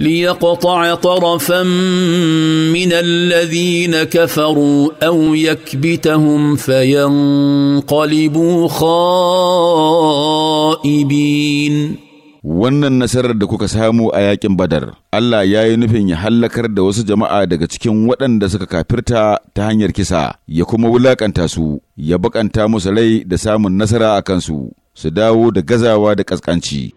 ليقطع طرفا من الذين كفروا او يكبتهم فينقلبوا خائبين wannan nasarar da kuka samu a yakin badar Allah ya yi nufin ya hallakar da wasu jama'a daga cikin waɗanda suka kafirta ta hanyar kisa ya kuma wulaƙanta su ya baƙanta musu rai da samun nasara a kansu su dawo da gazawa da ƙasƙanci